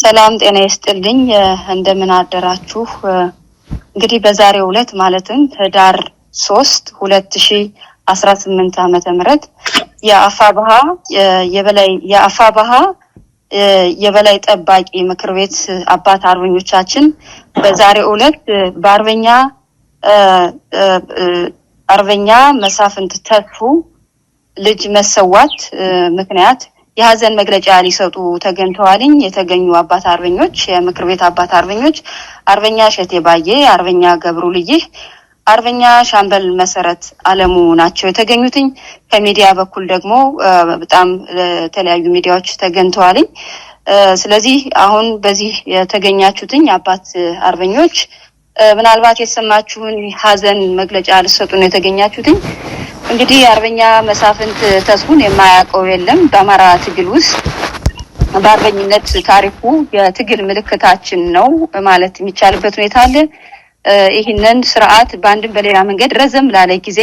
ሰላም ጤና ይስጥልኝ። እንደምን አደራችሁ? እንግዲህ በዛሬው ዕለት ማለትም ህዳር ሶስት ሁለት ሺህ አስራ ስምንት ዓመተ ምህረት የአፋብሃ የበላይ ባሃ የበላይ ጠባቂ ምክር ቤት አባት አርበኞቻችን በዛሬው ዕለት በአርበኛ አርበኛ መሳፍንት ተርፉ ልጅ መሰዋት ምክንያት የሀዘን መግለጫ ሊሰጡ ተገኝተዋልኝ። የተገኙ አባት አርበኞች የምክር ቤት አባት አርበኞች አርበኛ ሸቴ ባዬ፣ አርበኛ ገብሩ ልይህ አርበኛ ሻምበል መሰረት አለሙ ናቸው የተገኙትኝ። ከሚዲያ በኩል ደግሞ በጣም ለተለያዩ ሚዲያዎች ተገኝተዋልኝ። ስለዚህ አሁን በዚህ የተገኛችሁትኝ አባት አርበኞች ምናልባት የተሰማችሁን ሀዘን መግለጫ ልሰጡ ነው የተገኛችሁትኝ። እንግዲህ አርበኛ መሳፍንት ተስፉን የማያውቀው የለም። በአማራ ትግል ውስጥ በአርበኝነት ታሪኩ የትግል ምልክታችን ነው ማለት የሚቻልበት ሁኔታ አለ። ይህንን ስርዓት በአንድም በሌላ መንገድ ረዘም ላለ ጊዜ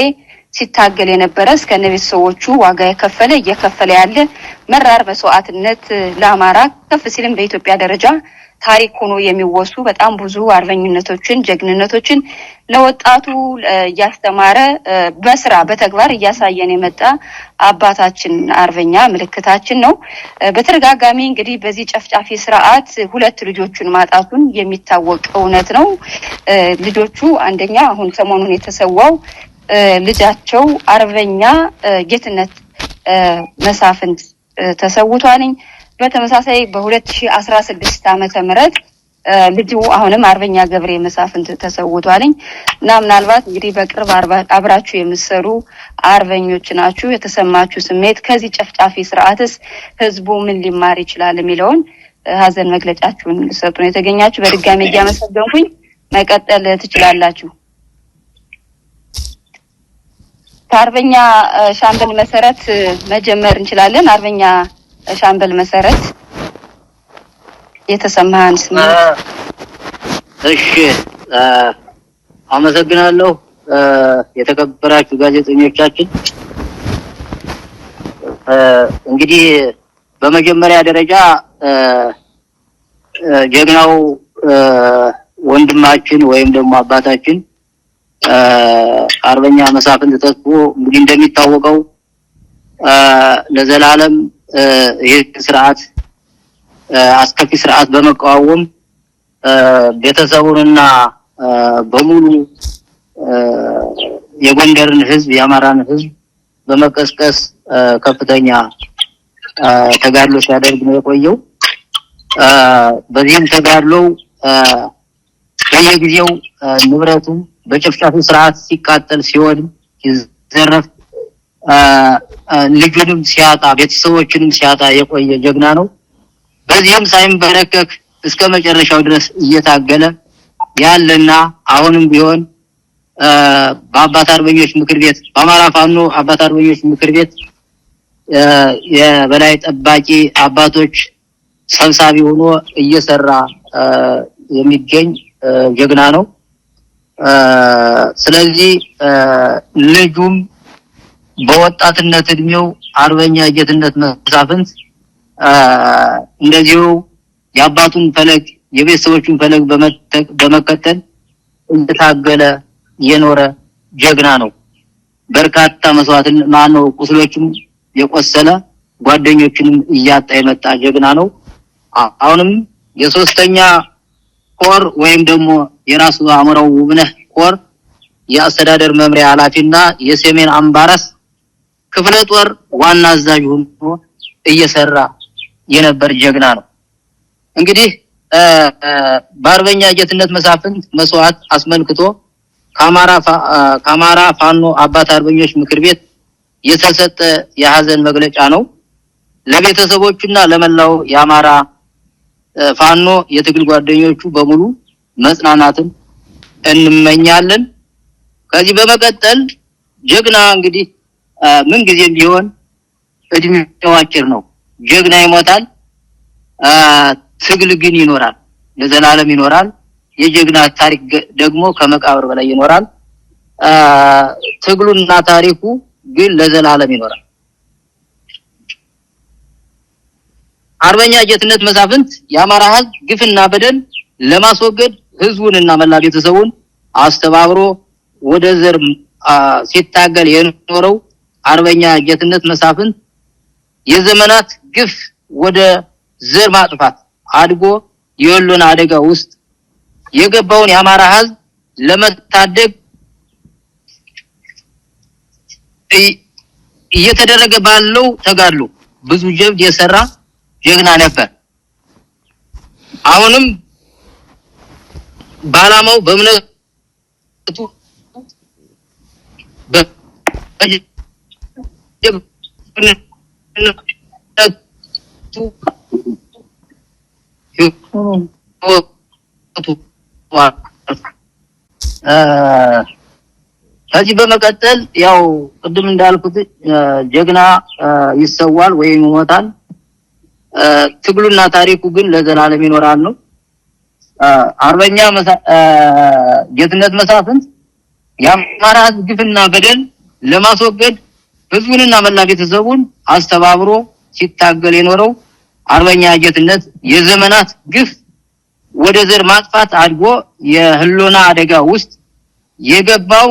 ሲታገል የነበረ እስከ ቤተሰቦቹ ዋጋ የከፈለ እየከፈለ ያለ መራር መስዋዕትነት ለአማራ ከፍ ሲልም በኢትዮጵያ ደረጃ ታሪክ ሆኖ የሚወሱ በጣም ብዙ አርበኝነቶችን፣ ጀግንነቶችን ለወጣቱ እያስተማረ በስራ በተግባር እያሳየን የመጣ አባታችን አርበኛ ምልክታችን ነው። በተደጋጋሚ እንግዲህ በዚህ ጨፍጫፊ ስርዓት ሁለት ልጆቹን ማጣቱን የሚታወቅ እውነት ነው። ልጆቹ አንደኛ አሁን ሰሞኑን የተሰዋው ልጃቸው አርበኛ ጌትነት መሳፍንት ተሰውቷልኝ። በተመሳሳይ በ2016 ዓመተ ምህረት ልጁ አሁንም አርበኛ ገብሬ መሳፍንት ተሰውቷልኝ እና ምናልባት እንግዲህ በቅርብ አብራችሁ የምትሰሩ አርበኞች ናችሁ። የተሰማችሁ ስሜት ከዚህ ጨፍጫፊ ስርዓትስ ህዝቡ ምን ሊማር ይችላል የሚለውን ሀዘን መግለጫችሁን ሰጡ ነው የተገኛችሁ። በድጋሚ እያመሰገንኩኝ መቀጠል ትችላላችሁ። ከአርበኛ ሻምበል መሰረት መጀመር እንችላለን። አርበኛ ሻምበል መሰረት የተሰማህን ስሜት። እሺ፣ አመሰግናለሁ። የተከበራችሁ ጋዜጠኞቻችን እንግዲህ በመጀመሪያ ደረጃ ጀግናው ወንድማችን ወይም ደግሞ አባታችን አርበኛ መሳፍንት ተስቦ እንግዲህ እንደሚታወቀው ለዘላለም ይህ ስርዓት አስከፊ ስርዓት በመቃወም ቤተሰቡንና በሙሉ የጎንደርን ህዝብ የአማራን ህዝብ በመቀስቀስ ከፍተኛ ተጋድሎ ሲያደርግ ነው የቆየው። በዚህም ተጋድሎው በየጊዜው ንብረቱ በጭፍጨፉ ስርዓት ሲቃጠል፣ ሲሆን ይዘረፍ ልጁንም ሲያጣ ቤተሰቦችንም ሲያጣ የቆየ ጀግና ነው። በዚህም ሳይንበረከክ እስከ መጨረሻው ድረስ እየታገለ ያለና አሁንም ቢሆን በአባት አርበኞች ምክር ቤት በአማራ ፋኖ አባት አርበኞች ምክር ቤት የበላይ ጠባቂ አባቶች ሰብሳቢ ሆኖ እየሰራ የሚገኝ ጀግና ነው። ስለዚህ ልጁም በወጣትነት እድሜው አርበኛ ጌትነት መሳፍንት እንደዚሁ የአባቱን ፈለግ የቤተሰቦቹን ፈለግ በመከተል እየታገለ የኖረ ጀግና ነው። በርካታ መስዋዕትን ማነው ቁስሎችም የቆሰለ ጓደኞችንም እያጣ የመጣ ጀግና ነው። አሁንም የሶስተኛ ኮር ወይም ደግሞ የራሱ አእምረው ውብነህ ኮር የአስተዳደር መምሪያ ኃላፊና የሰሜን አምባራስ ክፍለ ጦር ዋና አዛዥ ሆኖ እየሰራ የነበር ጀግና ነው። እንግዲህ በአርበኛ ጌትነት መሳፍንት መስዋዕት አስመልክቶ ከአማራ ፋኖ አባት አርበኞች ምክር ቤት የተሰጠ የሀዘን መግለጫ ነው። ለቤተሰቦቹና ለመላው የአማራ ፋኖ የትግል ጓደኞቹ በሙሉ መጽናናትን እንመኛለን። ከዚህ በመቀጠል ጀግና እንግዲህ ምን ጊዜም ቢሆን እድሜው አጭር ነው። ጀግና ይሞታል፣ ትግል ግን ይኖራል፣ ለዘላለም ይኖራል። የጀግና ታሪክ ደግሞ ከመቃብር በላይ ይኖራል። ትግሉና ታሪኩ ግን ለዘላለም ይኖራል። አርበኛ ጌትነት መሳፍንት የአማራ ህዝብ ግፍና በደል ለማስወገድ ህዝቡንና መላ ቤተሰቡን አስተባብሮ ወደ ዘር ሲታገል የኖረው አርበኛ ጌትነት መሳፍንት የዘመናት ግፍ ወደ ዘር ማጥፋት አድጎ የወሎን አደጋ ውስጥ የገባውን የአማራ ህዝብ ለመታደግ እየተደረገ ባለው ተጋድሎ ብዙ ጀብድ የሰራ ጀግና ነበር። አሁንም በዓላማው በእምነቱ ከዚህ በመቀጠል ያው ቅድም እንዳልኩት ጀግና ይሰዋል ወይም ይሞታል። ትግሉና ታሪኩ ግን ለዘላለም ይኖራል ነው። አርበኛ ጌትነት መሳፍንት የአማራ ሕዝብ ግፍና በደል ለማስወገድ ህዝቡንና መላ ቤተሰቡን አስተባብሮ ሲታገል የኖረው አርበኛ ጌትነት የዘመናት ግፍ ወደ ዘር ማጥፋት አድጎ የህልውና አደጋ ውስጥ የገባው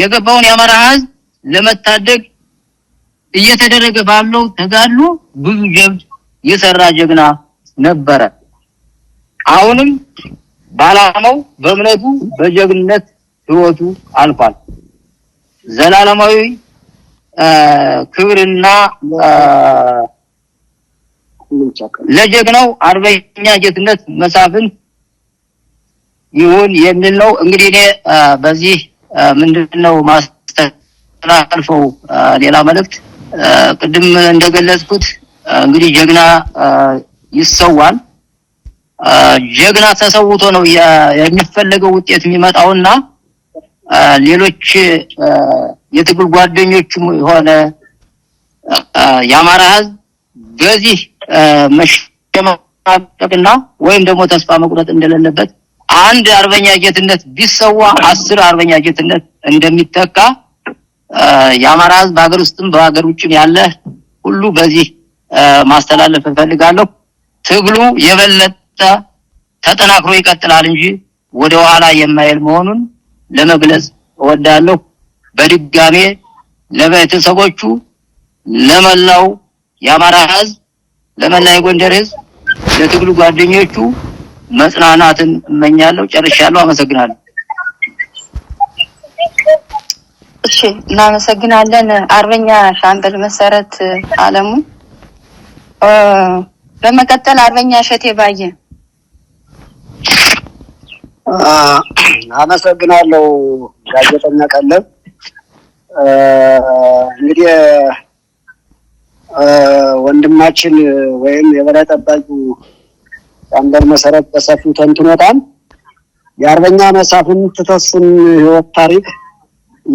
የገባውን የአማራ ህዝብ ለመታደግ እየተደረገ ባለው ተጋድሎ ብዙ ጀብድ የሰራ ጀግና ነበረ። አሁንም ባላማው በእምነቱ በጀግንነት ህይወቱ አልፏል። ዘላለማዊ ክብርና ለጀግናው አርበኛ ጌትነት መሳፍን ይሁን የሚል ነው። እንግዲህ እኔ በዚህ ምንድነው ማስተላልፈው ሌላ መልእክት ቅድም እንደገለጽኩት እንግዲህ ጀግና ይሰዋል። ጀግና ተሰውቶ ነው የሚፈለገው ውጤት የሚመጣውና ሌሎች የትግል ጓደኞችም የሆነ የአማራ ህዝብ በዚህ መሸማቀቅና ወይም ደግሞ ተስፋ መቁረጥ እንደሌለበት አንድ አርበኛ ጀትነት ቢሰዋ አስር አርበኛ ጀትነት እንደሚተካ የአማራ ህዝብ በሀገር ውስጥም በሀገር ውጭም ያለ ሁሉ በዚህ ማስተላለፍ እፈልጋለሁ። ትግሉ የበለጠ ተጠናክሮ ይቀጥላል እንጂ ወደ ኋላ የማይል መሆኑን ለመግለጽ እወዳለሁ። በድጋሜ ለቤተሰቦቹ፣ ለመላው የአማራ ህዝብ ለመላ የጎንደር ህዝብ ለትግሉ ጓደኞቹ መጽናናትን እመኛለሁ። ጨርሻለሁ። አመሰግናለሁ። እሺ፣ እናመሰግናለን አርበኛ ሻምበል መሰረት አለሙ። በመቀጠል አርበኛ እሸቴ ባየ። አመሰግናለሁ ጋዜጠኛ ቀለብ። እንግዲህ ወንድማችን ወይም የበላይ ጠባቂ የአንደር መሰረት በሰፊው ተንትኖታል። የአርበኛ መሳፍንት ተስን ህይወት ታሪክ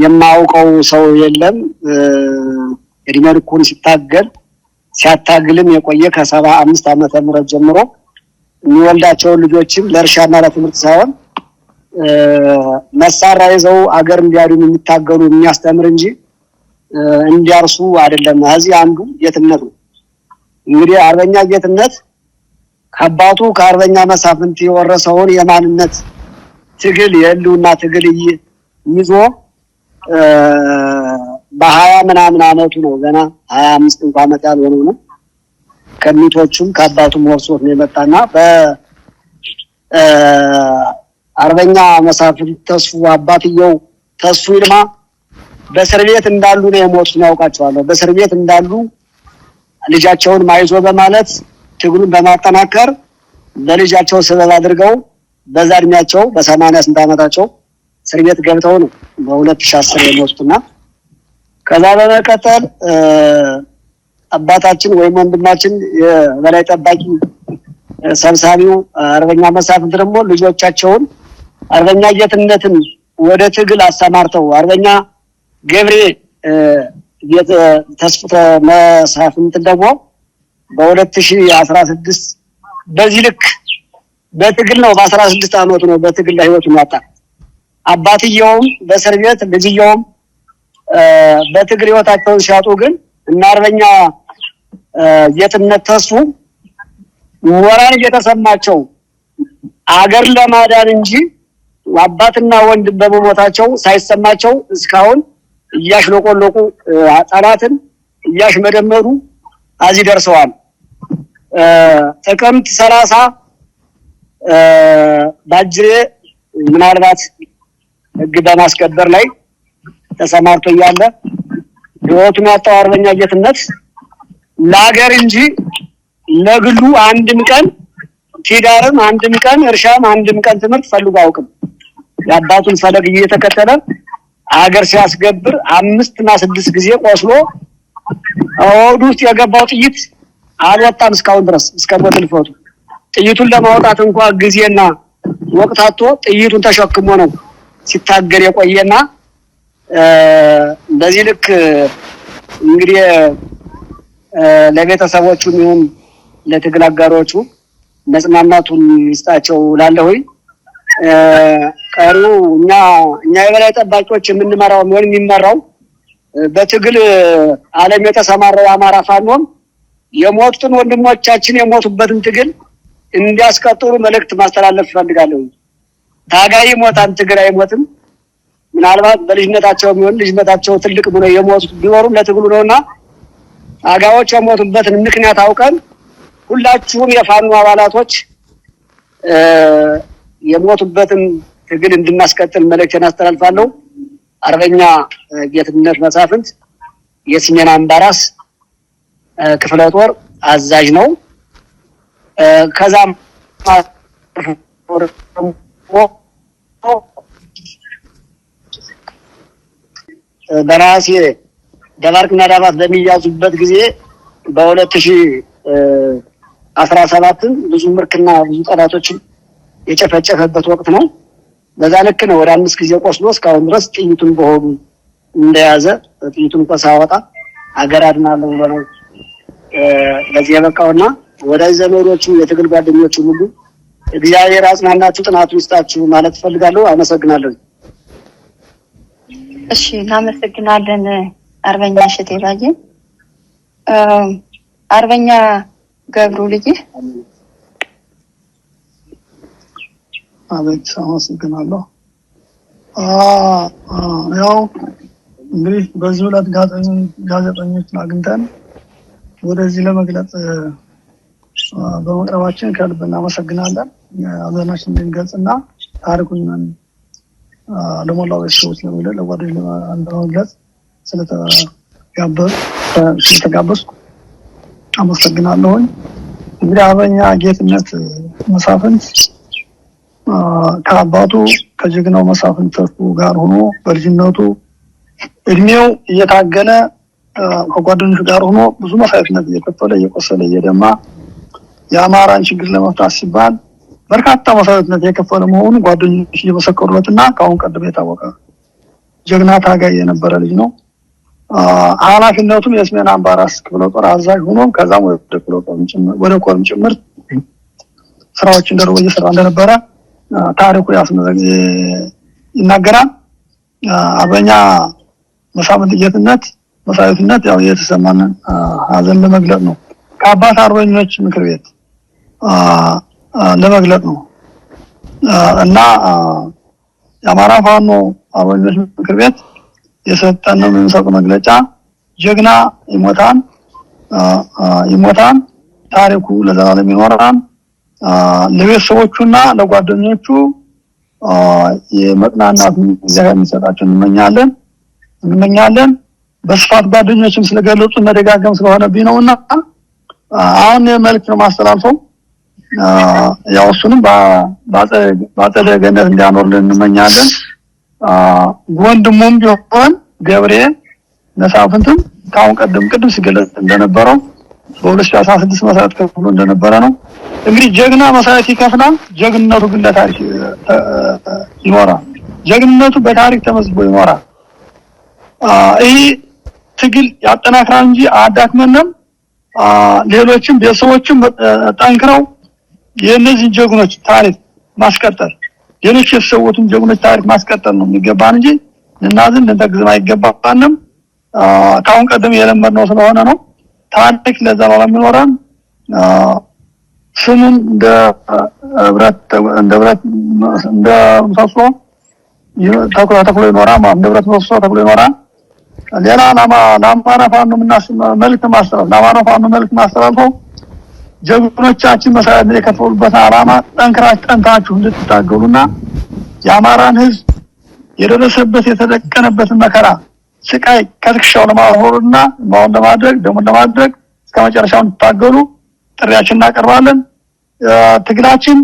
የማውቀው ሰው የለም። እድሜ ልኩን ሲታገል ሲያታግልም የቆየ ከሰባ አምስት ዓመተ ምህረት ጀምሮ የሚወልዳቸውን ልጆችም ለእርሻና ለትምህርት ሳይሆን መሳሪያ ይዘው አገር እንዲያዱ የሚታገሉ የሚያስተምር እንጂ እንዲያርሱ አይደለም። እዚህ አንዱ ጌትነት ነው። እንግዲህ አርበኛ ጌትነት ከአባቱ ከአርበኛ መሳፍንት የወረሰውን የማንነት ትግል የህልውና ትግል ይዞ በሀያ ምናምን አመቱ ነው ገና ሀያ አምስት እንኳ አመት ያልሆነ ነው። ከሚቶቹም ከአባቱም ወርሶት ነው የመጣና በአርበኛ መሳፍንት ተስፉ አባትየው ተስፉ ይልማ በእስር ቤት እንዳሉ ነው የሞቱት። ያውቃቸዋለሁ። በእስር ቤት እንዳሉ ልጃቸውን ማይዞ በማለት ትግሉን በማጠናከር በልጃቸው ስበብ አድርገው በዛ እድሜያቸው በሰማኒያ ስንት አመታቸው እስር ቤት ገብተው ነው በሁለት ሺ አስር የሞቱትና ከዛ በመቀጠል አባታችን ወይም ወንድማችን የበላይ ጠባቂ ሰብሳቢው አርበኛ መሳፍንት ደግሞ ልጆቻቸውን አርበኛ ጌትነትን ወደ ትግል አሰማርተው አርበኛ ገብሬ ተስፍተ መሳፍንት ደግሞ በሁለት ሺ አስራ ስድስት በዚህ ልክ በትግል ነው። በአስራ ስድስት አመቱ ነው በትግል ላይ ህይወቱን ያጣ። አባትየውም በእስር ቤት ልጅየውም በትግል ህይወታቸውን ሲያጡ ግን እና አርበኛ ጌትነት ተሱ ወራን እየተሰማቸው አገር ለማዳን እንጂ አባትና ወንድ በመሞታቸው ሳይሰማቸው እስካሁን እያሽለቆለቁ ጠላትን እያሽመደመዱ እዚህ ደርሰዋል። ጥቅምት ሰላሳ ባጅሬ ምናልባት ህግ በማስከበር ላይ ተሰማርቶ እያለ ህይወቱን ያጣው አርበኛ ጌትነት ለሀገር እንጂ ለግሉ አንድም ቀን ኪዳርም አንድም ቀን እርሻም አንድም ቀን ትምህርት ፈልጎ አውቅም የአባቱን ፈለግ እየተከተለ ሀገር ሲያስገብር አምስት እና ስድስት ጊዜ ቆስሎ ሆዱ ውስጥ የገባው ጥይት አልወጣም እስካሁን ድረስ እስከ ሞት ህልፈቱ። ጥይቱን ለማውጣት እንኳ ጊዜና ወቅት አጥቶ ጥይቱን ተሸክሞ ነው ሲታገር የቆየና በዚህ ልክ እንግዲህ ለቤተሰቦቹ ይሁን ለትግል አጋሮቹ መጽናናቱን ይስጣቸው እላለሁኝ። ቀሪው እኛ እኛ የበላይ ጠባቂዎች የምንመራው የሚሆን የሚመራው በትግል ዓለም የተሰማራው አማራ ፋኖም የሞቱትን ወንድሞቻችን የሞቱበትን ትግል እንዲያስቀጥሩ መልእክት ማስተላለፍ እፈልጋለሁ። ታጋይ ሞታን ትግል አይሞትም። ምናልባት በልጅነታቸው ቢሆን ልጅነታቸው ትልቅ ብሎ የሞቱት ቢኖሩም ለትግሉ ነውና አጋዎች የሞቱበትን ምክንያት አውቀን ሁላችሁም የፋኖ አባላቶች የሞቱበትን ትግል እንድናስቀጥል መልእክቴን አስተላልፋለሁ። አርበኛ ጌትነት መሳፍንት የስሜን አምባራስ ክፍለ ጦር አዛዥ ነው። ከዛም በነሐሴ ደባርቅና ዳባት በሚያዙበት ጊዜ በሁለት ሺህ አስራ ሰባትም ብዙ ምርክና ብዙ ጠላቶችን የጨፈጨፈበት ወቅት ነው። በዛ ልክ ነው ወደ አምስት ጊዜ ቆስሎ እስካሁን ድረስ ጥይቱን በሆኑ እንደያዘ ጥይቱን ቆሳወጣ አወጣ አገር አድናለሁ ብሎ ለዚህ የበቃውና ወዳጅ ዘመዶቹ የትግል ጓደኞቹ ሁሉ እግዚአብሔር አጽናናችሁ፣ ጥናቱ ይስጣችሁ ማለት እፈልጋለሁ። አመሰግናለሁ። እሺ እናመሰግናለን አርበኛ እሸቴ ባዬ። አርበኛ ገብሩ ልጅ አቤት። አመሰግናለሁ። ያው እንግዲህ በዚህ ዕለት ጋዜጠኞችን አግኝተን ወደዚህ ለመግለጽ በመቅረባችን ከልብ እናመሰግናለን። አዘናችን እንድንገልጽና ታሪኩን ለሞላው ቤተሰቦች ለመግለጽ ለጓደኝ ለመግለጽ ስለተጋበዝኩ አመሰግናለሁኝ። እንግዲህ አበኛ ጌትነት መሳፍንት ከአባቱ ከጀግናው መሳፍንት ተርፉ ጋር ሆኖ በልጅነቱ እድሜው እየታገለ ከጓደኞቹ ጋር ሆኖ ብዙ መስዋዕትነት እየከፈለ እየቆሰለ እየደማ የአማራን ችግር ለመፍታት ሲባል በርካታ መስዋዕትነት የከፈለ መሆኑ ጓደኞች እየመሰከሩለት እና ከአሁን ቀደም የታወቀ ጀግና ታጋይ የነበረ ልጅ ነው። ኃላፊነቱም የስሜን አምባራስ ክፍለ ጦር አዛዥ ሆኖም ከዛም ወደ ክፍለ ጦርም ጭምር ወደ ኮርም ጭምር እየሰራ እንደነበረ ታሪኩ ያስመዘግ ይናገራል። አርበኛ መሳፍንት ጌትነት ያው የተሰማን ሀዘን ለመግለጽ ነው። ከአባት አርበኞች ምክር ቤት ለመግለጥ ነው እና የአማራ ፋኖ አርበኞች ምክር ቤት የሰጠን ነው የምንሰጡ መግለጫ ጀግና ይሞታን ይሞታን ታሪኩ ለዘላለም ይኖራል። ለቤተሰቦቹና ለጓደኞቹ የመጽናናት እግዚአብሔር የሚሰጣቸው እንመኛለን እንመኛለን። በስፋት ጓደኞችም ስለገለጹ መደጋገም ስለሆነብኝ ነውና አሁን መልዕክት ነው ማስተላልፈው። ያው እሱንም በአጸደ ገነት እንዲያኖርልን እንመኛለን። ወንድሙም ቢሆን ገብሬ መሳፍንትም ከአሁን ቀደም ቅድም ሲገለጽ እንደነበረው በሁለት ሺህ አስራ ስድስት መሰረት ከፍሎ እንደነበረ ነው። እንግዲህ ጀግና መሰረት ይከፍላል። ጀግንነቱ ግን ለታሪክ ይኖራል። ጀግንነቱ በታሪክ ተመዝግቦ ይኖራል። ይህ ትግል ያጠናክራል እንጂ አዳክመንም። ሌሎችም ቤተሰቦችም ጠንክረው የእነዚህን ጀግኖች ታሪክ ማስቀጠል ሌሎች የተሰዉትን ጀግኖች ታሪክ ማስቀጠል ነው የሚገባን እንጂ እናዝን ልንተግዝም አይገባንም። ከአሁን ቀደም የለመድነው ስለሆነ ነው። ታሪክ ለዘላለም ይኖራል። ስሙን እንደ ህብረት እንደ ህብረት እንደ ምሰሶ ተኩላ ተኩሎ ይኖራል። እንደ ህብረት ምሰሶ ተኩሎ ይኖራል። ሌላ ለአማራ ፋኖ የምናስ መልዕክት ማስተላለፍ ለአማራ ፋኖ መልዕክት ማስተላለፈው ጀግኖቻችን መሰረት የከፈሉበት አላማ ጠንክራችሁ ጠንታችሁ እንድትታገሉና የአማራን ህዝብ የደረሰበት የተደቀነበትን መከራ ስቃይ ከትከሻው ለማወርወርና ማውን ለማድረግ ደሙን ለማድረግ እስከ መጨረሻው እንድታገሉ ጥሪያችን እናቀርባለን። ትግላችን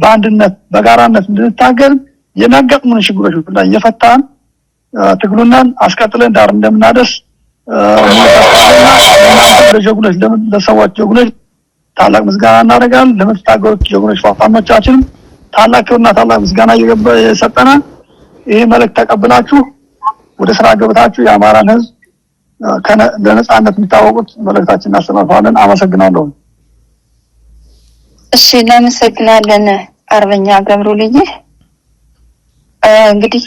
በአንድነት በጋራነት እንድንታገል የሚያጋጥሙን ችግሮች ሁሉ እየፈታን ትግሉናን አስቀጥለን ዳር እንደምናደስ ለጀግኖች ለሰዎች ጀግኖች ታላቅ ምስጋና እናደርጋለን። ለምትታገሉት ጀግኖች ፋኖቻችንም ታላቅ ክብርና ታላቅ ምስጋና እየሰጠነ ይህ መልእክት ተቀብላችሁ ወደ ስራ ገብታችሁ የአማራን ህዝብ ለነጻነት የሚታወቁት መልእክታችን እናስተላልፋለን። አመሰግናለሁ። እሺ፣ እናመሰግናለን አርበኛ ገብሩ ልይ። እንግዲህ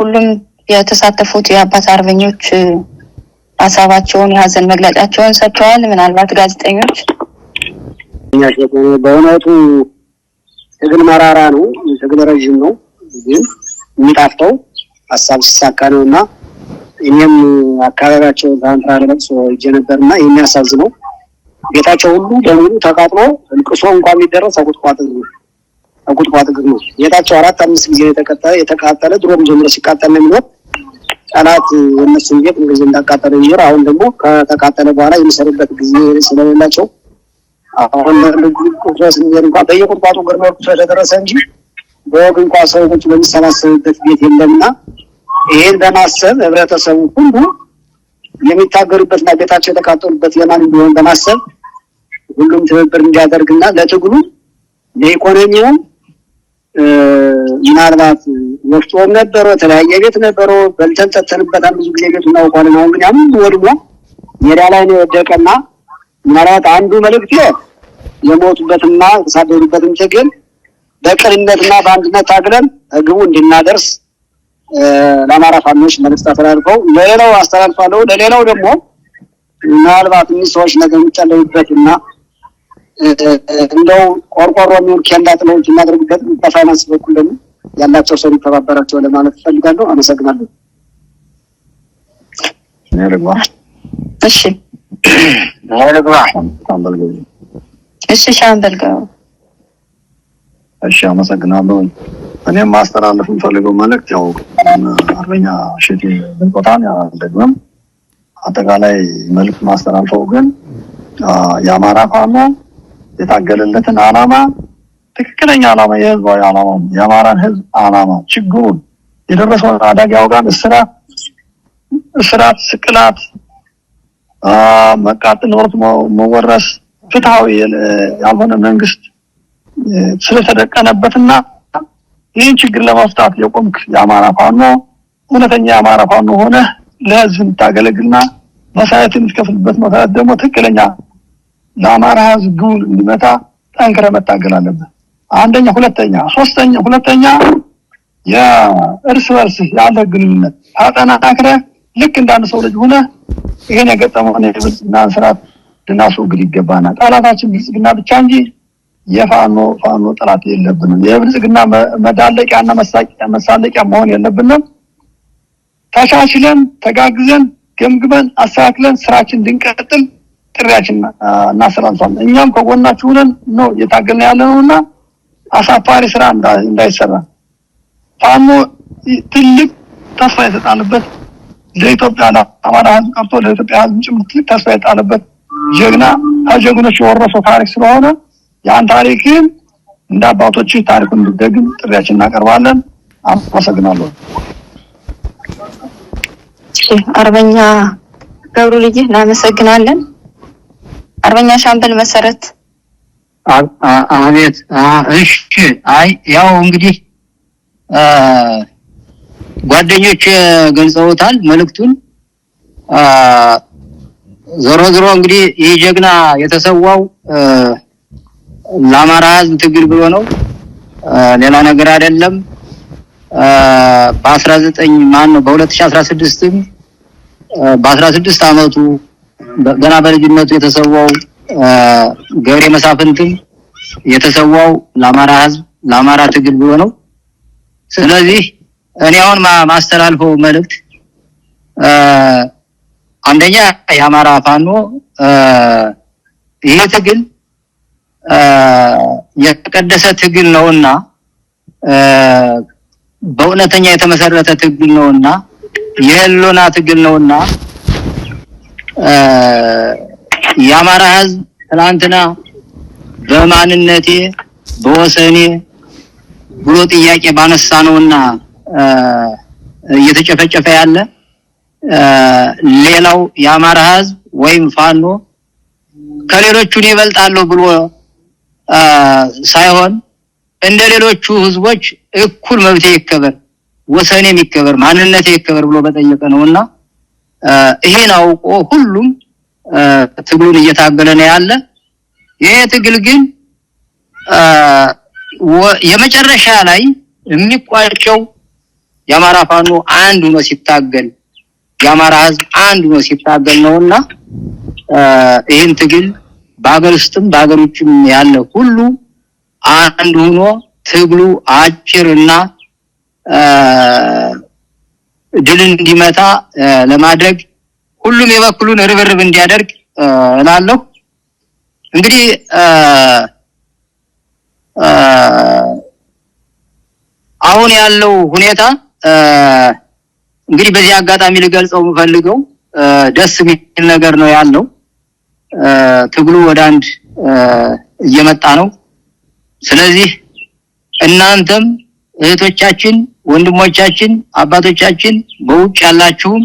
ሁሉም የተሳተፉት የአባት አርበኞች ሀሳባቸውን የሀዘን መግለጫቸውን ሰጥተዋል። ምናልባት ጋዜጠኞች በእውነቱ ትግል መራራ ነው። ትግል ረዥም ነው። ግን የሚጣፍጠው ሀሳብ ሲሳካ ነው እና እኔም አካባቢያቸው ዛንትራ ለቅሶ ሄጄ ነበር እና ነው። ቤታቸው ሁሉ በሙሉ ተቃጥሎ እልቅሶ እንኳን የሚደረስ አቁጥቋጥ አቁጥቋጥ ግር ነው። ቤታቸው አራት አምስት ጊዜ የተቃጠለ ድሮም ጀምሮ ሲቃጠል ነው የሚኖር ጠላት የእነሱን ቤት ጊዜ እንዳቃጠለ ይኖር። አሁን ደግሞ ከተቃጠለ በኋላ የሚሰሩበት ጊዜ ስለሌላቸው አሁን ቁጥረስ እንኳ በየቁጥቋጦ ገርማ ቁጥረስ ደረሰ እንጂ በወግ እንኳ ሰዎች በሚሰባሰቡበት ቤት የለምና ይህን በማሰብ ህብረተሰቡ ሁሉ የሚታገሩበትና ቤታቸው የተቃጠሉበት የማን እንዲሆን በማሰብ ሁሉም ትብብር እንዲያደርግና ለትግሉ ለኢኮኖሚው ምናልባት ወፍጮም ነበረው፣ የተለያየ ቤት ነበረው። በልተን ጠጥተንበታል ብዙ ጊዜ ቤቱ እናውቀዋለን። አሁን ግን ያም ወድሞ ሜዳ ላይ ነው የወደቀና ምናልባት አንዱ መልእክቴ የሞቱበትና የተሳደዱበትን ትግል በቅንነትና በአንድነት ታግለን ግቡ እንድናደርስ ለአማራ ፋኖች መልእክት አስተላልፈው ለሌላው አስተላልፋለሁ። ለሌላው ደግሞ ምናልባት እኒህ ሰዎች ነገር የሚጨለሙበት እና እንደው ቆርቆሮ የሚሆን ኬንዳ ጥለው የሚያደርጉበት በፋይናንስ በኩል ደግሞ ያላቸው ሰው የሚተባበራቸው ለማለት እፈልጋለሁ። አመሰግናለሁ። እሺ እሺ ሻምበል እሺ፣ አመሰግናለሁ። እኔም ማስተላለፍ የምፈልገው መልእክት ያው አርበኛ እሸቴ ድንቆታን አልደግምም። አጠቃላይ መልእክት ማስተላልፈው ግን የአማራ ፋኖ የታገለለትን አላማ ትክክለኛ አላማ የህዝባዊ አላማ የአማራን ህዝብ አላማ ችግሩን የደረሰውን አደጋ ያውቃል። እስራት፣ እስራት፣ ስቅላት መቃጠል ንብረት መወረስ ፍትሐዊ ያልሆነ መንግስት ስለተደቀነበትና ይህን ችግር ለመፍታት የቆምክ የአማራ ፋኖ እውነተኛ የአማራ ፋኖ ሆነ ለህዝብ የምታገለግልና መሳየት የምትከፍልበት መሰረት ደግሞ ትክክለኛ ለአማራ ህዝብ ግቡን እንዲመታ ጠንክረ መታገል አለብን። አንደኛ፣ ሁለተኛ፣ ሶስተኛ፣ ሁለተኛ የእርስ በርስ ያለ ግንኙነት ታጠናክረ ልክ እንዳንድ ሰው ልጅ ሆነ ይሄን የገጠመውን የብልጽግና ስርዓት ልናስወግድ ይገባናል። ጠላታችን ብልጽግና ብቻ እንጂ የፋኖ ፋኖ ጠላት የለብንም። የብልጽግና መዳለቂያና መሳለቂያ መሆን የለብንም። ተሻሽለን ተጋግዘን ገምግመን አስተካክለን ስራችን እንድንቀጥል ጥሪያችን እናስተላልፋለን። እኛም ከጎናችሁ ሆነን ነው እየታገልን ያለ ነው እና አሳፋሪ ስራ እንዳይሰራ ፋኖ ትልቅ ተስፋ የተጣለበት ለኢትዮጵያና አማራ ህዝብ ቀርቶ ለኢትዮጵያ ህዝብ ጭምር ትልቅ ተስፋ የጣለበት ጀግና ከጀግኖች የወረሰው ታሪክ ስለሆነ ያን ታሪክን እንደ አባቶች ታሪኩን እንድደግም ጥሪያችን እናቀርባለን። አመሰግናለሁ። አርበኛ ገብሩ ልጅ እናመሰግናለን። አርበኛ ሻምበል መሰረት አቤት። እሺ። አይ ያው እንግዲህ ጓደኞች ገልጸውታል መልእክቱን። ዞሮ ዞሮ እንግዲህ ይህ ጀግና የተሰዋው ለአማራ ሕዝብ ትግል ብሎ ነው፣ ሌላ ነገር አይደለም። በ19 ማን ነው በ2016ም በ16 አመቱ ገና በልጅነቱ የተሰዋው ገብሬ መሳፍንትም የተሰዋው ለአማራ ሕዝብ ለአማራ ትግል ብሎ ነው። ስለዚህ እኔ አሁን ማስተላልፈው መልእክት አንደኛ የአማራ ፋኖ ይህ ትግል የተቀደሰ ትግል ነውና በእውነተኛ የተመሰረተ ትግል ነውና የህልውና ትግል ነውና የአማራ ህዝብ ትናንትና በማንነቴ በወሰኔ ብሎ ጥያቄ ባነሳ ነውና እየተጨፈጨፈ ያለ ሌላው የአማራ ህዝብ ወይም ፋኖ ከሌሎቹ እኔ እበልጣለሁ ብሎ ሳይሆን እንደ ሌሎቹ ህዝቦች እኩል መብቴ ይከበር፣ ወሰኔም ይከበር፣ ማንነቴ ይከበር ብሎ በጠየቀ ነውና ይሄን አውቆ ሁሉም ትግሉን እየታገለ ነው ያለ። ይሄ ትግል ግን የመጨረሻ ላይ የሚቋጨው የአማራ ፋኖ አንድ ሆኖ ሲታገል የአማራ ህዝብ አንድ ሆኖ ሲታገል ነውና ይህን ትግል በሀገር ውስጥም በሀገር ውጭም ያለ ሁሉ አንድ ሆኖ ትግሉ አጭርና ድል እንዲመታ ለማድረግ ሁሉም የበኩሉን ርብርብ እንዲያደርግ እላለሁ። እንግዲህ አሁን ያለው ሁኔታ እንግዲህ በዚህ አጋጣሚ ልገልጸው የምፈልገው ደስ የሚል ነገር ነው ያለው። ትግሉ ወደ አንድ እየመጣ ነው። ስለዚህ እናንተም እህቶቻችን፣ ወንድሞቻችን፣ አባቶቻችን በውጭ ያላችሁም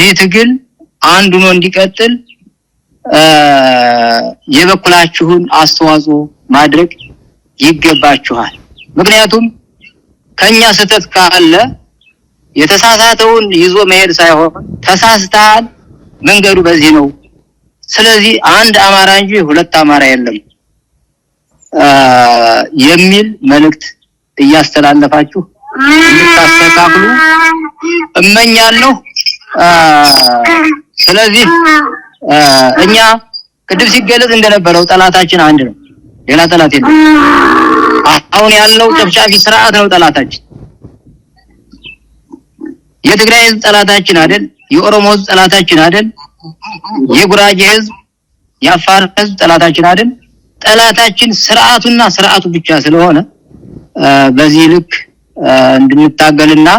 ይህ ትግል አንዱ ነው እንዲቀጥል የበኩላችሁን አስተዋጽኦ ማድረግ ይገባችኋል። ምክንያቱም ከኛ ስህተት ካለ የተሳሳተውን ይዞ መሄድ ሳይሆን ተሳስተሃል፣ መንገዱ በዚህ ነው። ስለዚህ አንድ አማራ እንጂ ሁለት አማራ የለም የሚል መልእክት እያስተላለፋችሁ እንድታስተካክሉ እመኛለሁ። ስለዚህ እኛ ቅድም ሲገለጽ እንደነበረው ጠላታችን አንድ ነው፣ ሌላ ጠላት የለም። አሁን ያለው ጨፍጫፊ ስርዓት ነው ጠላታችን። የትግራይ ህዝብ ጠላታችን አይደል? የኦሮሞ ህዝብ ጠላታችን አይደል? የጉራጌ ህዝብ፣ የአፋር ህዝብ ጠላታችን አይደል? ጠላታችን ስርዓቱና ስርዓቱ ብቻ ስለሆነ በዚህ ልክ እንድንታገልና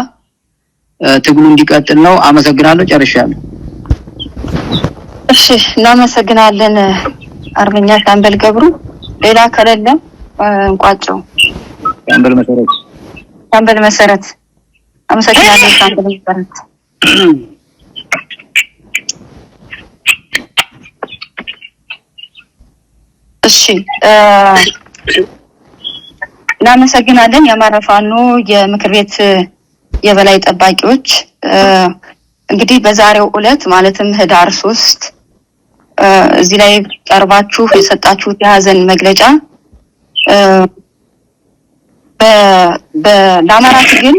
ትግሉ እንዲቀጥል ነው። አመሰግናለሁ። ጨርሻለሁ። እሺ፣ እናመሰግናለን። አርበኛ ሻምበል ገብሩ ሌላ ከሌለም እንቋጮ ሻምበል መሰረት ሻምበል መሰረት አመሰግናለሁ። ሻምበል መሰረት እሺ፣ እናመሰግናለን። የአማራ ፋኖ የምክር ቤት የበላይ ጠባቂዎች እንግዲህ በዛሬው ዕለት ማለትም ህዳር ሶስት እዚህ ላይ ቀርባችሁ የሰጣችሁት የሀዘን መግለጫ ለአማራ ትግል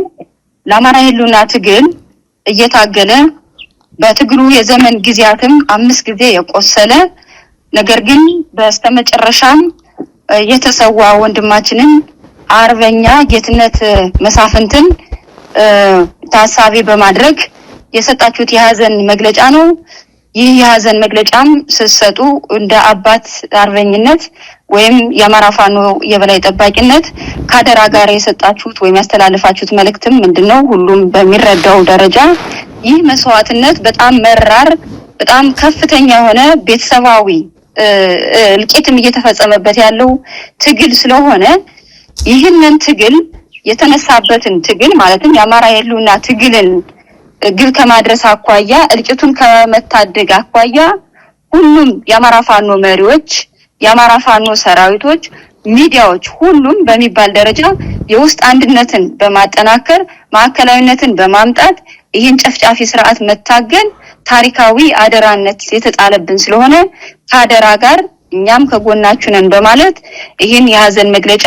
ለአማራ የህልውና ትግል እየታገለ በትግሉ የዘመን ጊዜያትም አምስት ጊዜ የቆሰለ ነገር ግን በስተመጨረሻም የተሰዋ ወንድማችንን አርበኛ ጌትነት መሳፍንትን ታሳቢ በማድረግ የሰጣችሁት የሀዘን መግለጫ ነው። ይህ የሀዘን መግለጫም ስትሰጡ እንደ አባት አርበኝነት ወይም የአማራ ፋኖ የበላይ ጠባቂነት ከአደራ ጋር የሰጣችሁት ወይም ያስተላልፋችሁት መልእክትም ምንድን ነው? ሁሉም በሚረዳው ደረጃ ይህ መስዋዕትነት በጣም መራር፣ በጣም ከፍተኛ የሆነ ቤተሰባዊ እልቂትም እየተፈጸመበት ያለው ትግል ስለሆነ ይህንን ትግል የተነሳበትን ትግል ማለትም የአማራ የህልውና ትግልን ግብ ከማድረስ አኳያ እልቂቱን ከመታደግ አኳያ ሁሉም የአማራ ፋኖ መሪዎች የአማራ ፋኖ ሰራዊቶች፣ ሚዲያዎች፣ ሁሉም በሚባል ደረጃ የውስጥ አንድነትን በማጠናከር ማዕከላዊነትን በማምጣት ይህን ጨፍጫፊ ስርዓት መታገል ታሪካዊ አደራነት የተጣለብን ስለሆነ ከአደራ ጋር እኛም ከጎናችሁ ነን በማለት ይህን የሀዘን መግለጫ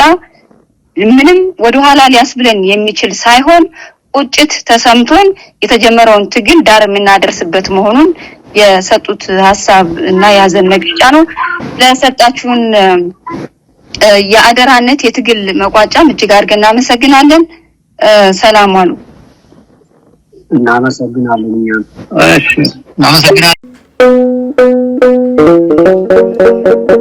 ምንም ወደኋላ ሊያስብለን የሚችል ሳይሆን ቁጭት ተሰምቶን የተጀመረውን ትግል ዳር የምናደርስበት መሆኑን የሰጡት ሀሳብ እና የሀዘን መግለጫ ነው። ለሰጣችሁን የአደራነት የትግል መቋጫም እጅግ አድርገን እናመሰግናለን። ሰላም አሉ። እናመሰግናለን። እኛም እናመሰግናለን።